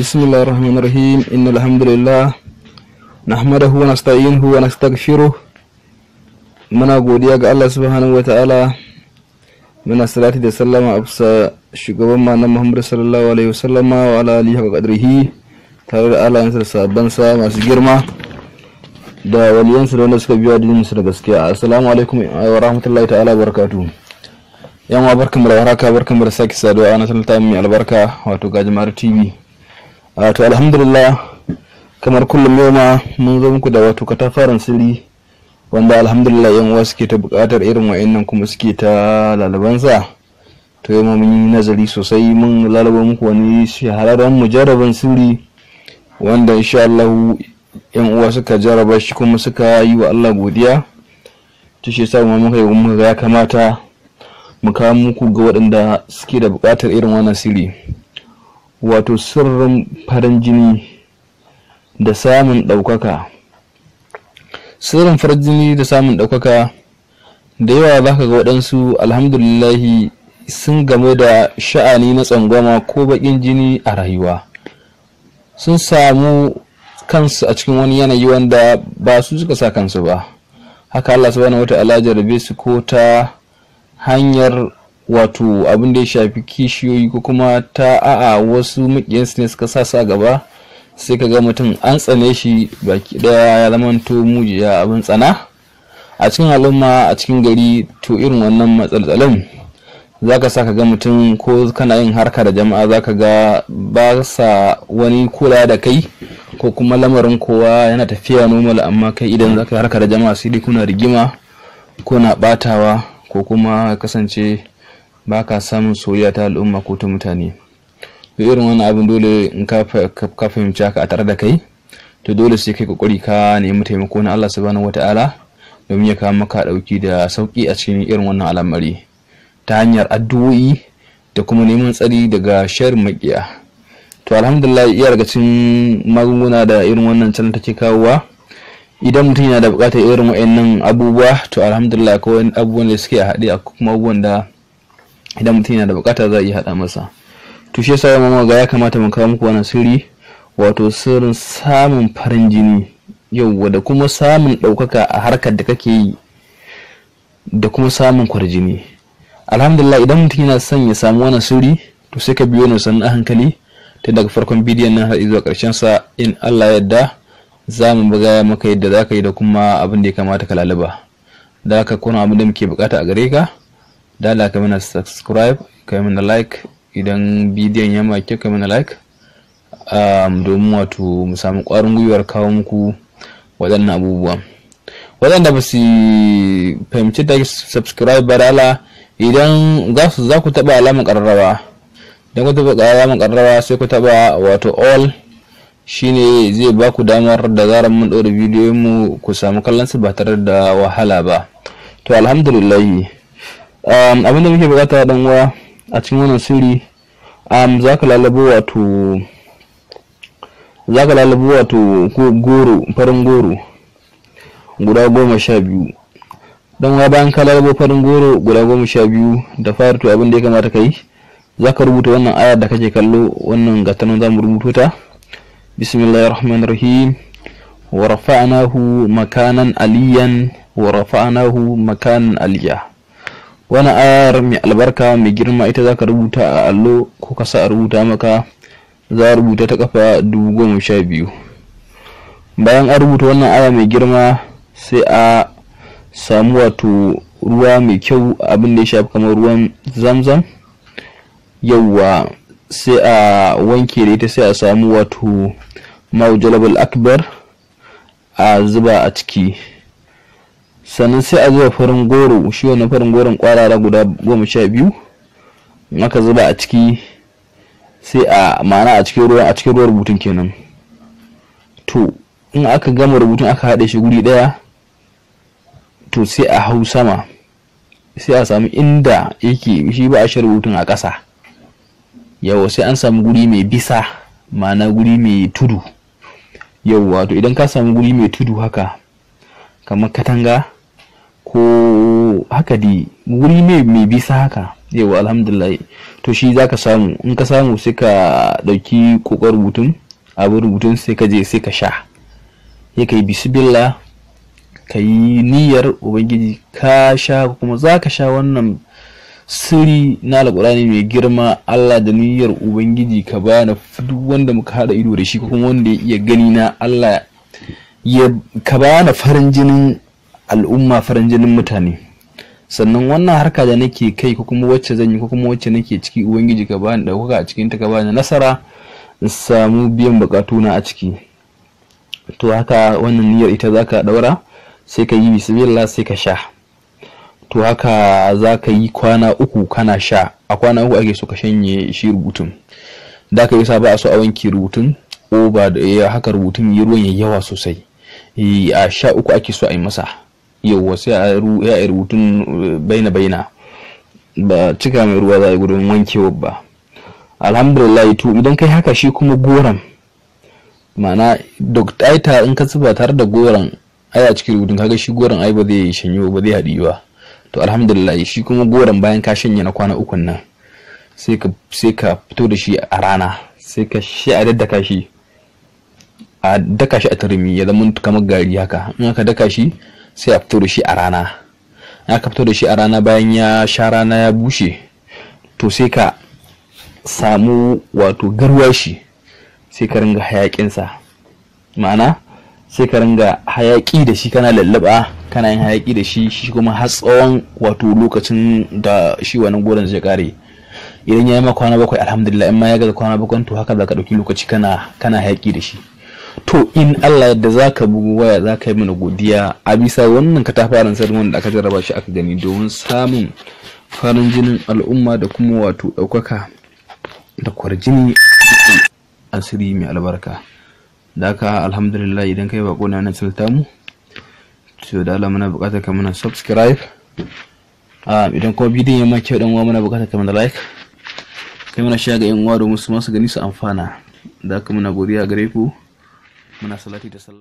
بسم الله الرحمن الرحيم إن الحمد لله نحمده ونستعينه ونستغفره muna godiya ga Allah subhanahu wa ta'ala muna salati da sallama a bisa shugaban manan Muhammadu sallallahu alaihi wasallama wa ala alihi wa qadrihi tare da alayansa da sabansa masu girma da waliyansa da suka biya dinin su da gaskiya assalamu alaikum wa rahmatullahi ta'ala yan wa barkamu da warhaka barkamu da sake saduwa a nasarar tamu mai albarka wato gajimar tv wato alhamdulillah kamar kullum yau ma mun zo muku da wato katafaren sirri wanda alhamdulillah yan uwa suke ta bukatar irin wa'annan kuma suke ta lalabansa to yau mun yi nazari sosai mun lalaba muku wani shahararren mujarraban sirri wanda insha Allah yan uwa suka jarraba shi kuma suka yi wa Allah godiya to shi yasa muka yi muka ya kamata mu kawo muku ga waɗanda suke da bukatar irin wannan sirri wato sirrin farin jini da samun ɗaukaka sirrin farin jini da samun ɗaukaka da yawa za ka ga waɗansu alhamdulillahi sun game da sha'ani na tsangwama ko baƙin jini a rayuwa sun samu kansu a cikin wani yanayi wanda ba su suka sa kansu ba haka Allah subhanahu wata jarabe su ko ta hanyar wato abin da ya shafi kishiyoyi ko kuma ta a'a wasu makiyansu ne suka sa sa gaba sai ka ga mutum an tsane shi baki daya ya zama to mujiya abin tsana a cikin al'umma a cikin gari to irin wannan matsaltsalin za ka sa ka ga mutum ko kana yin harka da jama'a za ka ga ba sa wani kula da kai ko kuma lamarin kowa yana tafiya normal amma kai idan za ka harka da jama'a sai dai kuna rigima kuna batawa ko kuma kasance ba ka samun soyayya ta al'umma ko ta mutane to irin wannan abin dole in ka fahimci haka a tare da kai to dole sai kai kokari ka nemi taimako na Allah subhanahu wataala domin ya kawo maka dauki da sauki a cikin irin wannan al'amari ta hanyar addu'o'i da kuma neman tsari daga shar makiya to alhamdulillah iya ga cikin magunguna da irin wannan can take kawowa idan mutum yana da bukatar irin wa'annan abubuwa to alhamdulillah akwai abubuwan da suke a haɗe a kuma abubuwan da idan mutum yana da bukata za a iya haɗa masa to shi yasa yamma ga ya kamata mu kawo muku wannan sirri wato sirrin samun farin jini yauwa da kuma samun ɗaukaka a harkar da kake yi da kuma samun kwarjini alhamdulillah idan mutum yana son ya samu wannan sirri to sai ka biyo ni sannan a hankali ta daga farkon bidiyon nan har zuwa ƙarshen sa in Allah yadda za mu buga maka yadda za ka yi da kuma abin da ya kamata ka laluba da ka kuna abin da muke bukata a gare ka da Allah ka mana subscribe ka mana like idan bidiyon ya maki ka mana like domin wato mu samu ƙwarin gwiwar kawo muku waɗannan abubuwa waɗanda ba su fahimci da subscribe ba da idan za ku taɓa alamar ƙararrawa idan ku taɓa alamar ƙararrawa sai ku taɓa wato all shine zai ba ku damar da zarar mun ɗora bidiyon mu ku samu kallon su ba tare da wahala ba to alhamdulillahi um, abinda muke bukata dan wa a cikin wannan sirri um, za ka lalabo wato za lalabo wato goro farin goro guda goma sha biyu dan wa bayan ka lalabo farin goro guda goma sha biyu da fara to abin da ya kamata ka yi za ka rubuta wannan aya da kake kallo wannan gatanin za mu rubuto ta bismillahirrahmanirrahim wa rafa'nahu makanan aliyan wa rafa'nahu makanan aliya wani ayar mai albarka mai girma ita zaka rubuta a allo ko ka sa a rubuta maka za a rubuta ta kafa dubu goma sha biyu bayan an rubuta wannan aya mai girma sai a samu wato ruwa mai kyau abin da ya shafi kamar ruwan zamzam yauwa sai a wanke da ita sai a samu wato ma'ujalabal akbar a zuba a ciki sannan sai a zuba farin goro shi wani farin goron kwarara guda goma sha biyu in zuba a ciki sai a ma'ana a cikin ruwa a cikin ruwa rubutun kenan to in aka gama rubutun aka haɗe shi guri ɗaya to sai a hau sama sai a samu inda yake shi ba a shi rubutun a ƙasa yawa sai an samu guri mai bisa ma'ana guri mai tudu yau wato idan ka samu guri mai tudu haka kamar katanga ko haka dai wuri ne mai bisa haka yau alhamdulillah to shi zaka samu in ka samu sai ka dauki kokar rubutun abin rubutun sai ka je sai ka sha ya kai bisibilla ka yi niyyar ubangiji ka sha kuma za ka sha wannan siri na alkurani mai girma allah da niyyar ubangiji ka na duk wanda muka haɗa ido da shi kuma wanda ya iya gani na allah ya ka na farin jinin al'umma farin jinin mutane sannan wannan harka da nake kai ko kuma wacce zan yi ko kuma wacce nake ciki ubangiji ka bani ɗaukaka a cikin ta ka bani nasara in samu biyan na a ciki to haka wannan niyyar ita zaka ɗaura sai ka yi bismillah sai ka sha to haka za ka yi kwana uku kana sha a kwana uku ake so ka shanye shi rubutun da ka yi sa ba a so a wanke rubutun ba da haka rubutun yi ruwan yawa sosai eh, a sha uku ake so a yi masa yawwa sai a rubutun eh, baina baina ba cika mai ruwa za a yi gudun wankewa ba alhamdulillah to idan kai haka shi kuma goron ma'ana doktaita in ka zuba tare da goron ai a cikin rubutun kaga shi goran ai ba zai shanyo ba zai haɗi ba to alhamdulillah shi kuma goron bayan ka shanye na kwana ukun nan sai ka fito da shi a rana sai ka shi a daddaka shi a daka shi a turmi ya zama kamar gari haka in aka daka shi sai a fito da shi a rana ka fito da shi a rana bayan ya sha rana ya bushe to sai ka samu wato garwashi sai ka ringa hayakinsa ma'ana sai ka ringa hayaki da shi kana lallaba kana yin hayaki da shi shi kuma har tsawon wato lokacin da shi wannan goron zai kare idan ya yi ma kwana bakwai alhamdulillah in ma ya gaza kwana bakwai to haka za ka ɗauki lokaci kana kana hayaki da shi to in Allah yadda za ka bugu waya za ka yi mana godiya a bisa wannan katafaren sarmon da aka jarraba shi aka gani domin samun farin jinin al'umma da kuma wato ɗaukaka da kwarjini asiri mai albarka da ka alhamdulillah idan kai bako na nan sulta mu to da Allah muna buƙatar ka muna subscribe idan kuma bidiyon ya ma kyau dan uwa muna buƙatar ka muna like kai muna shiga ga yan uwa domin su masu gani su amfana da ka muna godiya gare ku municipality